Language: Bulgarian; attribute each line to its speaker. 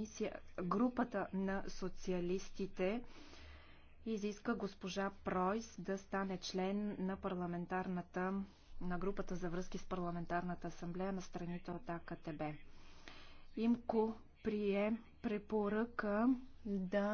Speaker 1: комисия, групата на социалистите изиска госпожа Пройс да стане член на парламентарната на групата за връзки с парламентарната асамблея на страните от АКТБ. Имко прие
Speaker 2: препоръка да